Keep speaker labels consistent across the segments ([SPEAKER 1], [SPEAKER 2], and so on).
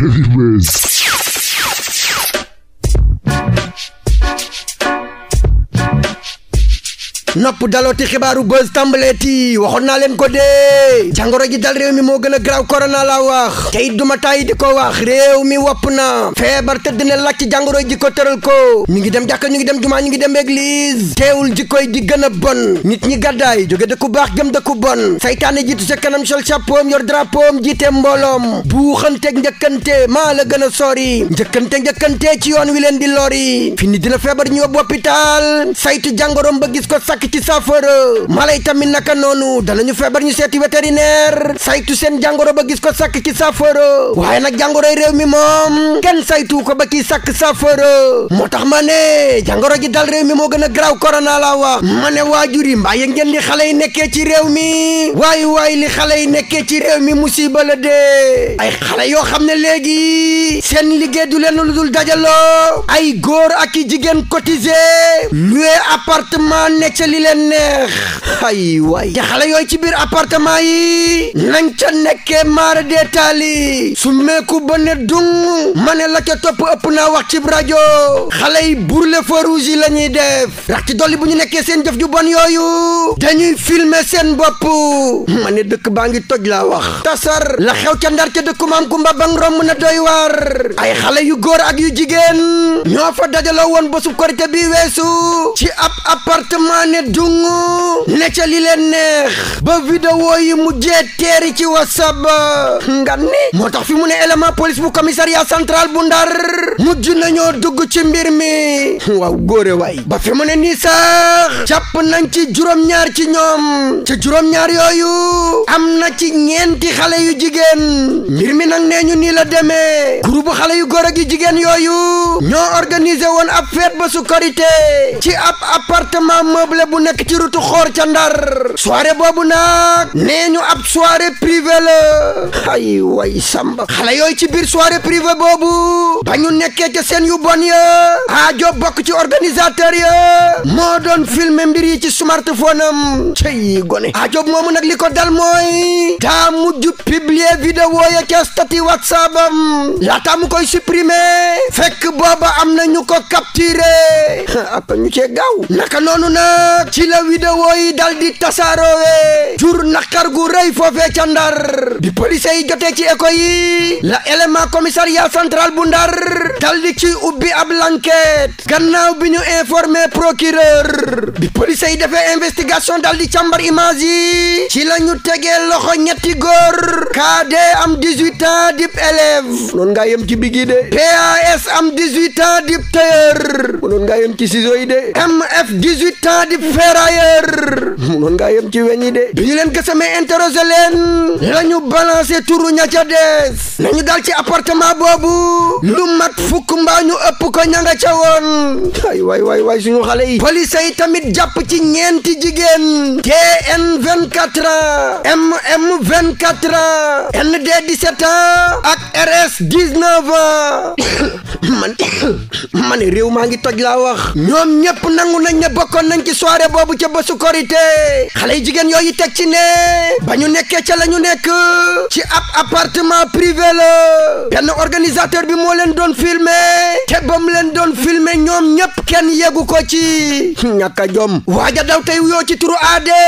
[SPEAKER 1] Heavyweights. nopp dalooti xibaaru buzz tàmbaleeti waxoon naa leen ko dee jàngoro ji dal réew mi moo gën a garaaw korona la wax te it duma tàyyi di ko wax réew mi wopp na feebar tëdd na làcc jàngoro ji ko tëral ko ñu ngi dem jàkka ñu ngi dem jumaa ñu ngi dem église teewul jikkoy di gën a bon nit ñi gàddaay jóge dëkku baax jëm dëkku bon saytaane jiitu sa kanam sol chapeau yor drapeau jiite mbooloom buuxanteeg njëkkante maa la gën a sori njëkkante njëkkante ci yoon wi leen di lori fini dina feebar ñu yóbbu hôpital saytu jàngoroom ñàkk ci saafara mala yi tamit naka noonu danañu feebar ñu seeti vétérinaire saytu seen jàngoro ba gis ko sàkk ci saafara waaye nag jàngoroy réew mi moom kenn saytu ko ba kii sàkk saafara moo tax ma ne jàngoro ji dal réew mi moo gën a graw korona laa wax ma ne waajur yi mbaa yëg ngeen li xale yi nekkee ci réew mi waay waay li xale yi nekkee ci réew mi musiba la dee ay xale yoo xam ne léegi seen liggéey du leen lu dul dajaloo ay góor ak i jigéen cotisé loué appartement ne li leen neex ay waay te xale yooyu ci biir appartement yi nañ ca nekkee maara deetaali su meeku ba ne dung ma ne la ca topp ëpp naa wax ci rajo xale yi burle feu rouge yi la ñuy def rax ci dolli bu ñu nekkee seen jëf ju bon yooyu dañuy filmer seen bopp ma ne dëkk baa ngi toj laa wax tasar la xew ca ndar ca dëkku maam kumba bang romb na doy waar ay xale yu góor ak yu jigéen ñoo fa dajaloo woon ba su korite bi weesu ci ab appartement ne ne dung ne ca li leen neex ba vidéo yi mujjee teeri ci whatsapp nga ni moo tax fi mu ne élément police bu commissariat central bu ndar mujj ñoo dugg ci mbir mi waaw góore waay ba fi mu ne nii sax jàpp nañ ci juróom-ñaar ci ñoom ci juróom-ñaar yooyu am na ci ñeenti xale yu jigéen mbir mi nag nee ñu nii la demee groupe xale yu góor ak yu jigéen yooyu ñoo organisé woon ab ba su ci ab appartement meublé bu nekk ci rutu xor candar ndar soirée boobu nag nee ñu ab soirée privée la ay way samba xale yooyu ci biir soirée privée boobu nekkee ca seen yu bon ya aajo bokk ci organisateur ya moo doon filmer mbir yi ci smartphone am cey gone aajo moomu nag li ko dal mooy daa mujj publier vidéo ca statut whatsapp am laataa mu koy supprimer fekk booba am na ñu ko capturer apa ñu cee gaaw naka noonu nag ci la vidéo yi dal di tasaaroowee jur naqar gu rëy foofee ca ndar bi police yi jotee ci éco la élément commissariat central bu ndar dal di ciy ubbi ab l'enquête gannaaw bi ñu informé procureur bi police yi defee investigation dal di càmbar ci la ñu tegee loxo ñetti góor KD am 18 ans dib élève noonu ngaa yem ci bigi de PAS am 18 ans dib tailleur noonu ngaa yem ci ciseaux yi de MF 18 ans dib ferrailleur noonu ngaa yem ci weñ yi de bi ñu leen gësamee interrogé leen la ñu balancé turu ña ca dal ci appartement boobu fukk mbaa ñu ëpp ko ña nga ca woon ay waay waay suñu xale yi police yi tamit jàpp ci ñeenti jigéen TN 24 ans MM 24 ans ND 17 ans ak RS 19 man réew maa ngi toj laa wax ñoom ñëpp nangu nañ ne bokkoon nañ ci soirée boobu ca bésu korité xale yi jigéen yooyu teg ci ne ba ñu nekkee ca la ñu nekk ci ab appartement privé la benn organisateur bi moo leen doon filmé te bam leen doon filmé ñoom ñëpp kenn yegu ko ci ñàkk a jom waaja daw tey yoo ci turu aade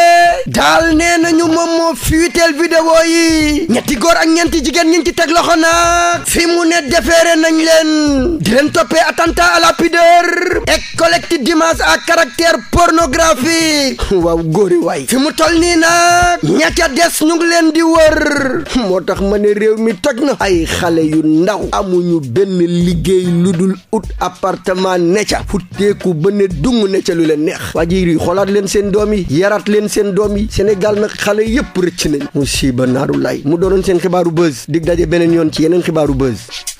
[SPEAKER 1] daal nee nañu moom moo fiiteel vidéo yi ñetti góor ak ñeenti jigéen ñi ci teg loxo nag fi mu ne defeere nañ leen di leen toppee attentat à la pudeur et collecte d'images à caractère pornographique waaw góori waay fi mu tol nii nag ñacca des ñu leen di wër moo tax ma ne réew mi toj na ay xale yu ndaw amuñu benn li liggéey lu dul ut appartement ne ca futteeku ba ne dung ne ca lu leen neex waajur yi xoolaat leen seen doom yi yaraat leen seen doom yi Sénégal nag xale yépp rëcc nañ musiba naaru lay mu doonoon seen xibaaru buzz dig daje beneen yoon ci yeneen xibaaru buzz